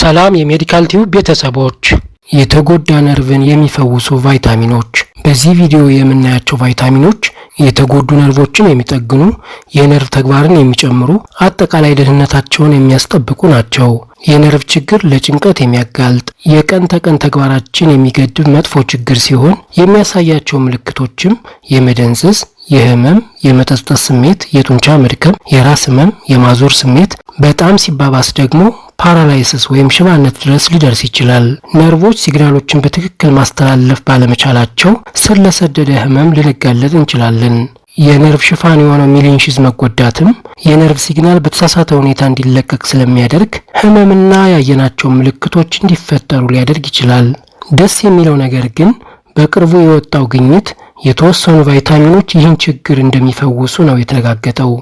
ሰላም የሜዲካል ቲዩብ ቤተሰቦች፣ የተጎዳ ነርቭን የሚፈውሱ ቫይታሚኖች። በዚህ ቪዲዮ የምናያቸው ቫይታሚኖች የተጎዱ ነርቮችን የሚጠግኑ፣ የነርቭ ተግባርን የሚጨምሩ፣ አጠቃላይ ደህንነታቸውን የሚያስጠብቁ ናቸው። የነርቭ ችግር ለጭንቀት የሚያጋልጥ የቀን ተቀን ተግባራችን የሚገድብ መጥፎ ችግር ሲሆን የሚያሳያቸው ምልክቶችም የመደንዘዝ፣ የህመም፣ የመጠጠስ ስሜት፣ የጡንቻ መድከም፣ የራስ ህመም፣ የማዞር ስሜት፣ በጣም ሲባባስ ደግሞ ፓራላይሲስ ወይም ሽባነት ድረስ ሊደርስ ይችላል። ነርቮች ሲግናሎችን በትክክል ማስተላለፍ ባለመቻላቸው ስር ለሰደደ ህመም ልንጋለጥ እንችላለን። የነርቭ ሽፋን የሆነው ሚሊንሽዝ መጎዳትም የነርቭ ሲግናል በተሳሳተ ሁኔታ እንዲለቀቅ ስለሚያደርግ ህመምና ያየናቸው ምልክቶች እንዲፈጠሩ ሊያደርግ ይችላል። ደስ የሚለው ነገር ግን በቅርቡ የወጣው ግኝት የተወሰኑ ቫይታሚኖች ይህን ችግር እንደሚፈውሱ ነው የተረጋገጠው።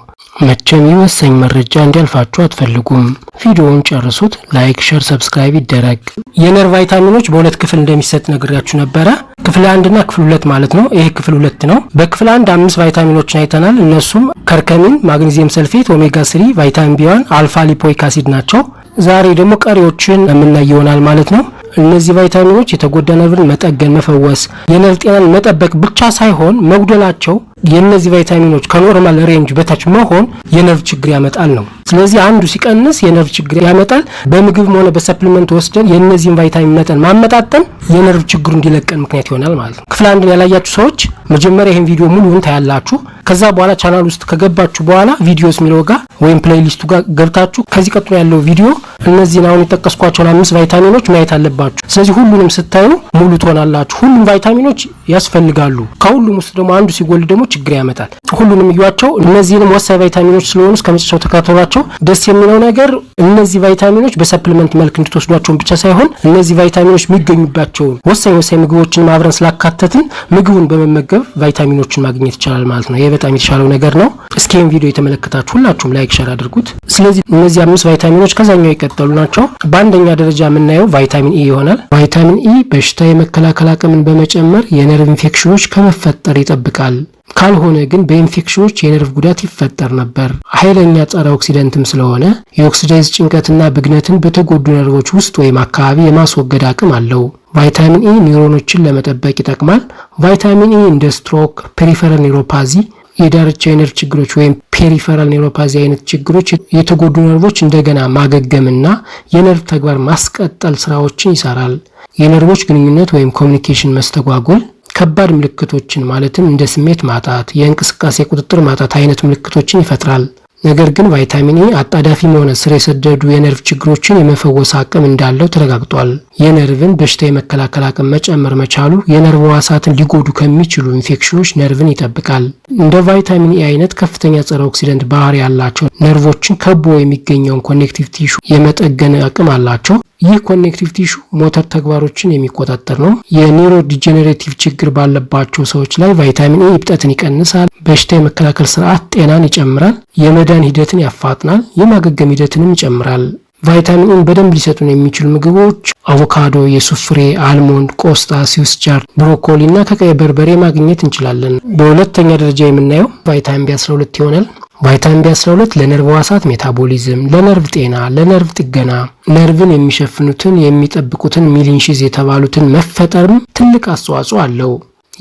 መቼም ይህ ወሳኝ መረጃ እንዲያልፋችሁ አትፈልጉም። ቪዲዮውን ጨርሱት። ላይክ፣ ሸር፣ ሰብስክራይብ ይደረግ። የነርቭ ቫይታሚኖች በሁለት ክፍል እንደሚሰጥ ነግሬያችሁ ነበረ። ክፍል አንድ እና ክፍል ሁለት ማለት ነው። ይሄ ክፍል ሁለት ነው። በክፍል አንድ አምስት ቫይታሚኖችን አይተናል። እነሱም ከርከሚን፣ ማግኔዚየም ሰልፌት፣ ኦሜጋ ስሪ፣ ቫይታሚን ቢዋን፣ አልፋ ሊፖይክ አሲድ ናቸው። ዛሬ ደግሞ ቀሪዎችን የምናይ ይሆናል ማለት ነው። እነዚህ ቫይታሚኖች የተጎዳ ነርቭን መጠገን፣ መፈወስ፣ የነርቭ ጤናን መጠበቅ ብቻ ሳይሆን መጉደላቸው የእነዚህ ቫይታሚኖች ከኖርማል ሬንጅ በታች መሆን የነርቭ ችግር ያመጣል ነው። ስለዚህ አንዱ ሲቀንስ የነርቭ ችግር ያመጣል። በምግብም ሆነ በሰፕሊመንት ወስደን የእነዚህን ቫይታሚን መጠን ማመጣጠን የነርቭ ችግሩ እንዲለቀን ምክንያት ይሆናል ማለት ነው። ክፍል አንድን ያላያችሁ ሰዎች መጀመሪያ ይህን ቪዲዮ ሙሉውን ታያላችሁ። ከዛ በኋላ ቻናል ውስጥ ከገባችሁ በኋላ ቪዲዮስ ሚለው ጋር ወይም ፕሌይሊስቱ ጋር ገብታችሁ ከዚህ ቀጥሎ ያለው ቪዲዮ እነዚህን አሁን የጠቀስኳቸውን አምስት ቫይታሚኖች ማየት አለባችሁ። ስለዚህ ሁሉንም ስታዩ ሙሉ ትሆናላችሁ። ሁሉም ቫይታሚኖች ያስፈልጋሉ። ከሁሉም ውስጥ ደግሞ አንዱ ሲጎል ደግሞ ችግር ያመጣል። ሁሉንም እዩዋቸው። እነዚህንም ወሳኝ ቫይታሚኖች ስለሆኑ እስከ መጨረሻው ተከታተሏቸው። ደስ የሚለው ነገር እነዚህ ቫይታሚኖች በሰፕልመንት መልክ እንድትወስዷቸውን ብቻ ሳይሆን እነዚህ ቫይታሚኖች የሚገኙባቸውን ወሳኝ ወሳኝ ምግቦችን አብረን ስላካተትን ምግቡን በመመገብ ቫይታሚኖችን ማግኘት ይቻላል ማለት ነው። ይህ በጣም የተሻለው ነገር ነው። እስኪም ቪዲዮ የተመለከታችሁ ሁላችሁም ላይክ፣ ሸር አድርጉት። ስለዚህ እነዚህ አምስት ቫይታሚኖች ከዛኛው የቀጠሉ ናቸው። በአንደኛ ደረጃ የምናየው ቫይታሚን ኢ e ይሆናል። ቫይታሚን ኢ e በሽታ የመከላከል አቅምን በመጨመር የነርቭ ኢንፌክሽኖች ከመፈጠር ይጠብቃል። ካልሆነ ግን በኢንፌክሽኖች የነርቭ ጉዳት ይፈጠር ነበር። ኃይለኛ ጸረ ኦክሲደንትም ስለሆነ የኦክሲዳይዝ ጭንቀትና ብግነትን በተጎዱ ነርቮች ውስጥ ወይም አካባቢ የማስወገድ አቅም አለው። ቫይታሚን ኢ ኒውሮኖችን ለመጠበቅ ይጠቅማል። ቫይታሚን ኢ እንደ ስትሮክ፣ ፔሪፈራል ኒውሮፓዚ፣ የዳርቻ የነርቭ ችግሮች ወይም ፔሪፈራል ኒውሮፓዚ አይነት ችግሮች የተጎዱ ነርቮች እንደገና ማገገምና የነርቭ ተግባር ማስቀጠል ስራዎችን ይሰራል። የነርቮች ግንኙነት ወይም ኮሚኒኬሽን መስተጓጎል ከባድ ምልክቶችን ማለትም እንደ ስሜት ማጣት፣ የእንቅስቃሴ ቁጥጥር ማጣት አይነት ምልክቶችን ይፈጥራል። ነገር ግን ቫይታሚን ኤ e አጣዳፊም ሆነ ስር የሰደዱ የነርቭ ችግሮችን የመፈወስ አቅም እንዳለው ተረጋግጧል። የነርቭን በሽታ የመከላከል አቅም መጨመር መቻሉ የነርቭ ሕዋሳትን ሊጎዱ ከሚችሉ ኢንፌክሽኖች ነርቭን ይጠብቃል። እንደ ቫይታሚን ኤ e አይነት ከፍተኛ ጸረ ኦክሲደንት ባህሪ ያላቸው ነርቮችን ከቦ የሚገኘውን ኮኔክቲቭ ቲሹ የመጠገን አቅም አላቸው። ይህ ኮኔክቲቭ ቲሹ ሞተር ተግባሮችን የሚቆጣጠር ነው። የኒውሮ ዲጀኔሬቲቭ ችግር ባለባቸው ሰዎች ላይ ቫይታሚን ኤ እብጠትን ይቀንሳል። በሽታ የመከላከል ስርዓት ጤናን ይጨምራል። የመዳን ሂደትን ያፋጥናል። የማገገም ሂደትንም ይጨምራል። ቫይታሚኑን በደንብ ሊሰጡን የሚችሉ ምግቦች አቮካዶ፣ የሱፍ ፍሬ፣ አልሞንድ፣ ቆስጣ፣ ስዊስ ቻርድ፣ ብሮኮሊ እና ከቀይ በርበሬ ማግኘት እንችላለን። በሁለተኛ ደረጃ የምናየው ቫይታሚን ቢ12 ይሆናል። ቫይታሚን ቢ12 ለነርቭ ዋሳት ሜታቦሊዝም፣ ለነርቭ ጤና፣ ለነርቭ ጥገና፣ ነርቭን የሚሸፍኑትን የሚጠብቁትን ሚሊንሺዝ የተባሉትን መፈጠርም ትልቅ አስተዋጽኦ አለው።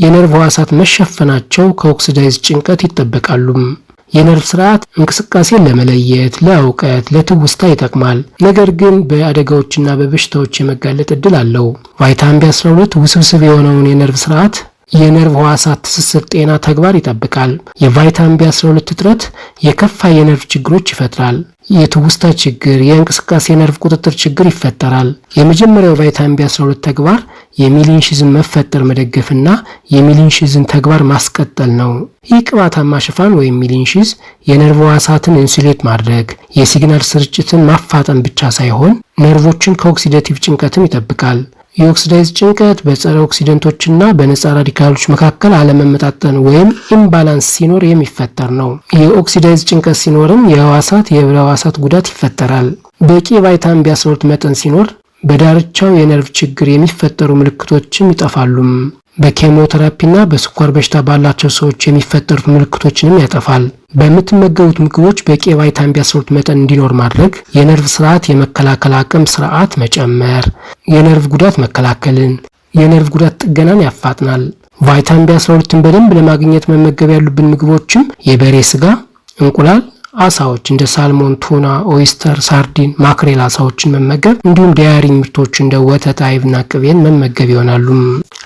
የነርቭ ህዋሳት መሸፈናቸው ከኦክሲዳይዝ ጭንቀት ይጠበቃሉም። የነርቭ ስርዓት እንቅስቃሴን ለመለየት፣ ለእውቀት፣ ለትውስታ ይጠቅማል። ነገር ግን በአደጋዎችና በበሽታዎች የመጋለጥ እድል አለው። ቫይታሚን ቢ12 ውስብስብ የሆነውን የነርቭ ስርዓት የነርቭ ህዋሳት ትስስር ጤና ተግባር ይጠብቃል። የቫይታሚን ቢ12 እጥረት የከፋ የነርቭ ችግሮች ይፈጥራል። የትውስታ ችግር፣ የእንቅስቃሴ ነርቭ ቁጥጥር ችግር ይፈጠራል። የመጀመሪያው ቫይታሚን ቢ12 ተግባር የሚሊንሽዝም መፈጠር መደገፍና የሚሊንሽዝን ተግባር ማስቀጠል ነው። ይህ ቅባታማ ሽፋን ወይም ሚሊንሺዝ የነርቭ ዋሳትን ኢንሱሌት ማድረግ የሲግናል ስርጭትን ማፋጠን ብቻ ሳይሆን ነርቮችን ከኦክሲደቲቭ ጭንቀትም ይጠብቃል። የኦክሲዳይዝ ጭንቀት በጸረ ኦክሲደንቶችና በነጻ ራዲካሎች መካከል አለመመጣጠን ወይም ኢምባላንስ ሲኖር የሚፈጠር ነው። የኦክሲዳይዝ ጭንቀት ሲኖርም የህዋሳት የህብረ ህዋሳት ጉዳት ይፈጠራል። በቂ ቫይታሚን ቢ12 መጠን ሲኖር በዳርቻው የነርቭ ችግር የሚፈጠሩ ምልክቶችም ይጠፋሉም። በኬሞቴራፒና በስኳር በሽታ ባላቸው ሰዎች የሚፈጠሩት ምልክቶችንም ያጠፋል። በምትመገቡት ምግቦች በቂ የቫይታሚን ቢያስሩት መጠን እንዲኖር ማድረግ፣ የነርቭ ስርዓት የመከላከል አቅም ስርዓት መጨመር፣ የነርቭ ጉዳት መከላከልን፣ የነርቭ ጉዳት ጥገናን ያፋጥናል። ቫይታሚን ቢያስሩትን በደንብ ለማግኘት መመገብ ያሉብን ምግቦችም የበሬ ስጋ፣ እንቁላል አሳዎች እንደ ሳልሞን፣ ቱና፣ ኦይስተር፣ ሳርዲን፣ ማክሬል አሳዎችን መመገብ እንዲሁም ዳያሪ ምርቶች እንደ ወተት፣ አይብና ቅቤን መመገብ ይሆናሉ።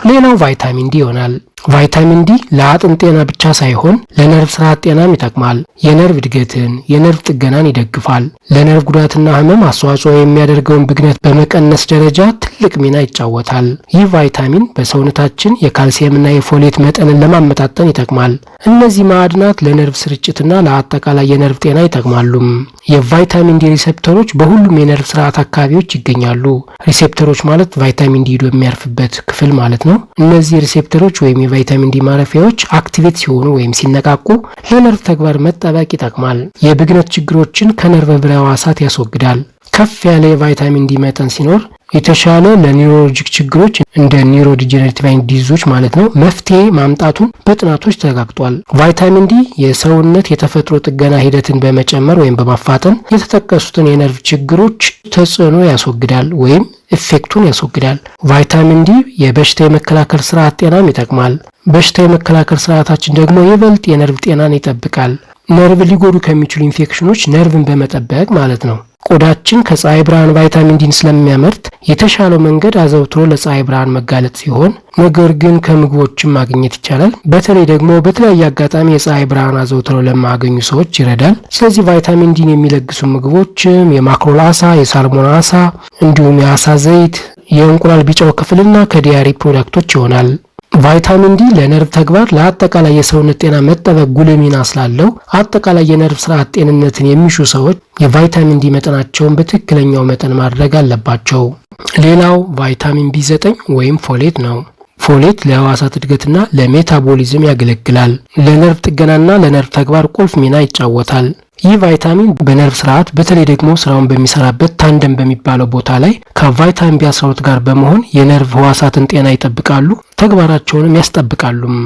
ሌላው ቫይታሚን ዲ ይሆናል። ቫይታሚን ዲ ለአጥንት ጤና ብቻ ሳይሆን ለነርቭ ስርዓት ጤናም ይጠቅማል። የነርቭ እድገትን፣ የነርቭ ጥገናን ይደግፋል። ለነርቭ ጉዳትና ህመም አስተዋጽኦ የሚያደርገውን ብግነት በመቀነስ ደረጃ ትልቅ ሚና ይጫወታል። ይህ ቫይታሚን በሰውነታችን የካልሲየምና የፎሌት መጠንን ለማመጣጠን ይጠቅማል። እነዚህ ማዕድናት ለነርቭ ስርጭትና ለአጠቃላይ የነርቭ ጤና ይጠቅማሉ። የቫይታሚን ዲ ሪሴፕተሮች በሁሉም የነርቭ ስርዓት አካባቢዎች ይገኛሉ። ሪሴፕተሮች ማለት ቫይታሚን ዲ ሄዶ የሚያርፍበት ክፍል ማለት ነው። እነዚህ ሪሴፕተሮች ወይም የቫይታሚን ዲ ማረፊያዎች አክቲቬት ሲሆኑ ወይም ሲነቃቁ ለነርቭ ተግባር መጠበቅ ይጠቅማል። የብግነት ችግሮችን ከነርቭ ብረ ህዋሳት ያስወግዳል። ከፍ ያለ የቫይታሚን ዲ መጠን ሲኖር የተሻለ ለኒውሮሎጂክ ችግሮች እንደ ኒውሮ ዲጀነሬቲቭ አይን ዲዚዞች ማለት ነው መፍትሄ ማምጣቱን በጥናቶች ተረጋግጧል። ቫይታሚን ዲ የሰውነት የተፈጥሮ ጥገና ሂደትን በመጨመር ወይም በማፋጠን የተጠቀሱትን የነርቭ ችግሮች ተጽዕኖ ያስወግዳል ወይም ኢፌክቱን ያስወግዳል። ቫይታሚን ዲ የበሽታ የመከላከል ስርዓት ጤናም ይጠቅማል። በሽታ የመከላከል ስርዓታችን ደግሞ ይበልጥ የነርቭ ጤናን ይጠብቃል። ነርቭ ሊጎዱ ከሚችሉ ኢንፌክሽኖች ነርቭን በመጠበቅ ማለት ነው። ቆዳችን ከፀሐይ ብርሃን ቫይታሚን ዲን ስለሚያመርት የተሻለው መንገድ አዘውትሮ ለፀሐይ ብርሃን መጋለጥ ሲሆን ነገር ግን ከምግቦችም ማግኘት ይቻላል። በተለይ ደግሞ በተለያየ አጋጣሚ የፀሐይ ብርሃን አዘውትሮ ለማያገኙ ሰዎች ይረዳል። ስለዚህ ቫይታሚን ዲን የሚለግሱ ምግቦችም የማክሮል አሳ፣ የሳልሞን አሳ እንዲሁም የአሳ ዘይት የእንቁላል ቢጫው ክፍልና ከዲያሪ ፕሮዳክቶች ይሆናል። ቫይታሚን ዲ ለነርቭ ተግባር ለአጠቃላይ የሰውነት ጤና መጠበቅ ጉልህ ሚና ስላለው አጠቃላይ የነርቭ ስርዓት ጤንነትን የሚሹ ሰዎች የቫይታሚን ዲ መጠናቸውን በትክክለኛው መጠን ማድረግ አለባቸው። ሌላው ቫይታሚን ቢ9 ወይም ፎሌት ነው። ፎሌት ለህዋሳት እድገትና ለሜታቦሊዝም ያገለግላል። ለነርቭ ጥገናና ለነርቭ ተግባር ቁልፍ ሚና ይጫወታል። ይህ ቫይታሚን በነርቭ ስርዓት በተለይ ደግሞ ስራውን በሚሰራበት ታንደም በሚባለው ቦታ ላይ ከቫይታሚን ቢ12 ጋር በመሆን የነርቭ ህዋሳትን ጤና ይጠብቃሉ፣ ተግባራቸውንም ያስጠብቃሉም።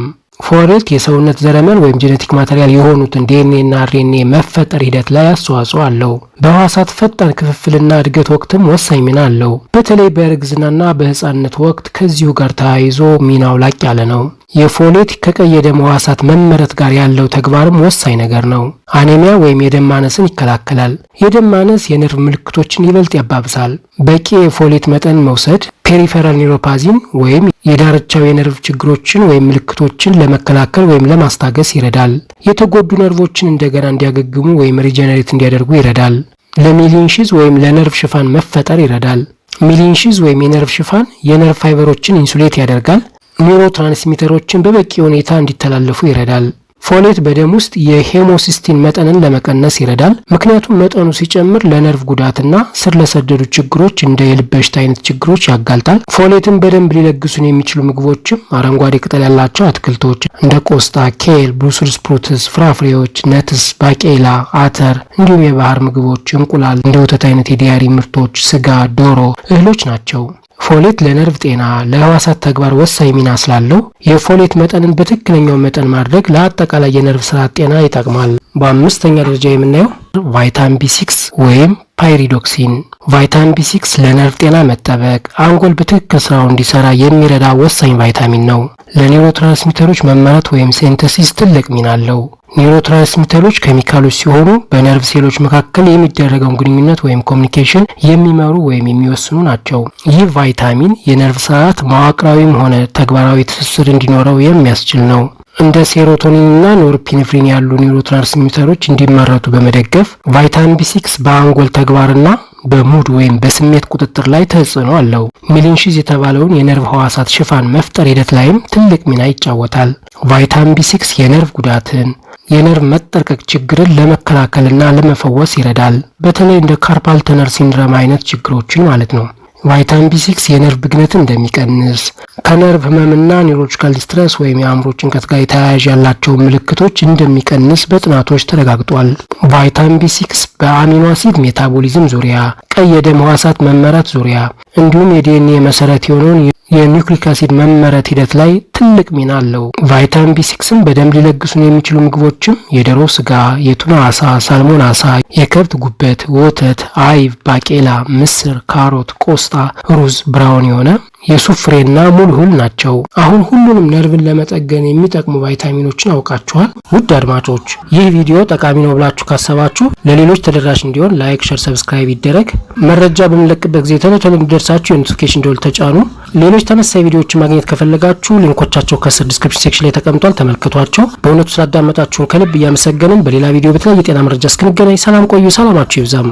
ፎሌት የሰውነት ዘረመን ወይም ጄኔቲክ ማቴሪያል የሆኑትን ዲኤንኤ እና አርኤንኤ መፈጠር ሂደት ላይ አስተዋጽኦ አለው። በህዋሳት ፈጣን ክፍፍልና እድገት ወቅትም ወሳኝ ሚና አለው። በተለይ በእርግዝናና በህፃንነት ወቅት ከዚሁ ጋር ተያይዞ ሚናው ላቅ ያለ ነው። የፎሌት ከቀይ የደም ሕዋሳት መመረት ጋር ያለው ተግባርም ወሳኝ ነገር ነው። አኔሚያ ወይም የደም ማነስን ይከላከላል። የደም ማነስ የነርቭ ምልክቶችን ይበልጥ ያባብሳል። በቂ የፎሌት መጠን መውሰድ ፔሪፌራል ኒውሮፓዚን ወይም የዳርቻው የነርቭ ችግሮችን ወይም ምልክቶችን ለመከላከል ወይም ለማስታገስ ይረዳል። የተጎዱ ነርቮችን እንደገና እንዲያገግሙ ወይም ሪጀነሬት እንዲያደርጉ ይረዳል። ለሚሊንሺዝ ወይም ለነርቭ ሽፋን መፈጠር ይረዳል። ሚሊንሺዝ ወይም የነርቭ ሽፋን የነርቭ ፋይበሮችን ኢንሱሌት ያደርጋል ኒውሮ ትራንስሚተሮችን በበቂ ሁኔታ እንዲተላለፉ ይረዳል። ፎሌት በደም ውስጥ የሄሞሲስቲን መጠንን ለመቀነስ ይረዳል። ምክንያቱም መጠኑ ሲጨምር ለነርቭ ጉዳትና ስር ለሰደዱ ችግሮች እንደ የልብ በሽታ አይነት ችግሮች ያጋልጣል። ፎሌትን በደንብ ሊለግሱን የሚችሉ ምግቦችም አረንጓዴ ቅጠል ያላቸው አትክልቶች እንደ ቆስጣ፣ ኬል፣ ብሩስልስ ፕሩትስ፣ ፍራፍሬዎች፣ ነትስ፣ ባቄላ፣ አተር እንዲሁም የባህር ምግቦች፣ እንቁላል፣ እንደ ወተት አይነት የዲያሪ ምርቶች፣ ስጋ፣ ዶሮ፣ እህሎች ናቸው። ፎሌት ለነርቭ ጤና፣ ለህዋሳት ተግባር ወሳኝ ሚና ስላለው የፎሌት መጠንን በትክክለኛው መጠን ማድረግ ለአጠቃላይ የነርቭ ስርዓት ጤና ይጠቅማል። በአምስተኛ ደረጃ የምናየው ቫይታሚን ቢ6 ወይም ፓይሪዶክሲን። ቫይታሚን ቢ6 ለነርቭ ጤና መጠበቅ፣ አንጎል በትክክል ስራው እንዲሰራ የሚረዳ ወሳኝ ቫይታሚን ነው። ለኒውሮትራንስሚተሮች መመረት ወይም ሴንተሲስ ትልቅ ሚና አለው። ኒውሮትራንስሚተሮች ኬሚካሎች ሲሆኑ በነርቭ ሴሎች መካከል የሚደረገውን ግንኙነት ወይም ኮሚኒኬሽን የሚመሩ ወይም የሚወስኑ ናቸው። ይህ ቫይታሚን የነርቭ ስርዓት መዋቅራዊም ሆነ ተግባራዊ ትስስር እንዲኖረው የሚያስችል ነው። እንደ ሴሮቶኒንና ኖርፒኔፍሪን ያሉ ኒውሮትራንስሚተሮች እንዲመረቱ በመደገፍ ቫይታሚን ቢሲክስ በአንጎል ተግባርና በሙድ ወይም በስሜት ቁጥጥር ላይ ተጽዕኖ አለው። ሚሊንሺዝ የተባለውን የነርቭ ህዋሳት ሽፋን መፍጠር ሂደት ላይም ትልቅ ሚና ይጫወታል። ቫይታሚን ቢሲክስ የነርቭ ጉዳትን፣ የነርቭ መጠርቀቅ ችግርን ለመከላከልና ለመፈወስ ይረዳል። በተለይ እንደ ካርፓል ተነር ሲንድረም አይነት ችግሮችን ማለት ነው። ቫይታሚን ቢሲክስ የነርቭ ብግነትን እንደሚቀንስ ከነርቭ ህመምና ኒውሮሎጂካል ዲስትረስ ወይም የአእምሮ ጭንቀት ጋር የተያያዥ ያላቸው ምልክቶች እንደሚቀንስ በጥናቶች ተረጋግጧል። ቫይታሚን ቢ ሲክስ በአሚኖ አሲድ ሜታቦሊዝም ዙሪያ፣ ቀይ የደም ህዋሳት መመረት ዙሪያ እንዲሁም የዲኤንኤ መሰረት የሆነውን የኒውክሊክ አሲድ መመረት ሂደት ላይ ትልቅ ሚና አለው። ቫይታሚን ቢ 6 በደንብ ሊለግሱን የሚችሉ ምግቦችም የደሮ ስጋ፣ የቱና አሳ፣ ሳልሞን አሳ፣ የከብት ጉበት፣ ወተት፣ አይብ፣ ባቄላ፣ ምስር፣ ካሮት፣ ቆስጣ፣ ሩዝ፣ ብራውን የሆነ የሱፍ ፍሬና ሙሉ እህል ናቸው። አሁን ሁሉንም ነርቭን ለመጠገን የሚጠቅሙ ቫይታሚኖችን አውቃችኋል። ውድ አድማጮች ይህ ቪዲዮ ጠቃሚ ነው ብላችሁ ካሰባችሁ ለሌሎች ተደራሽ እንዲሆን ላይክ፣ ሸር፣ ሰብስክራይብ ይደረግ። መረጃ በምንለቅበት ጊዜ ቶሎ ቶሎ እንዲደርሳችሁ የኖቲፊኬሽን ደወል ተጫኑ። ሌሎች ተመሳሳይ ቪዲዮዎችን ማግኘት ከፈለጋችሁ ሊንኮቻቸው ከስር ዲስክሪፕሽን ሴክሽን ላይ ተቀምጧል። ተመልክቷቸው። በእውነቱ ስላዳመጣችሁን ከልብ እያመሰገንን በሌላ ቪዲዮ በተለያየ የጤና መረጃ እስክንገናኝ ሰላም ቆዩ። ሰላማችሁ ይብዛም።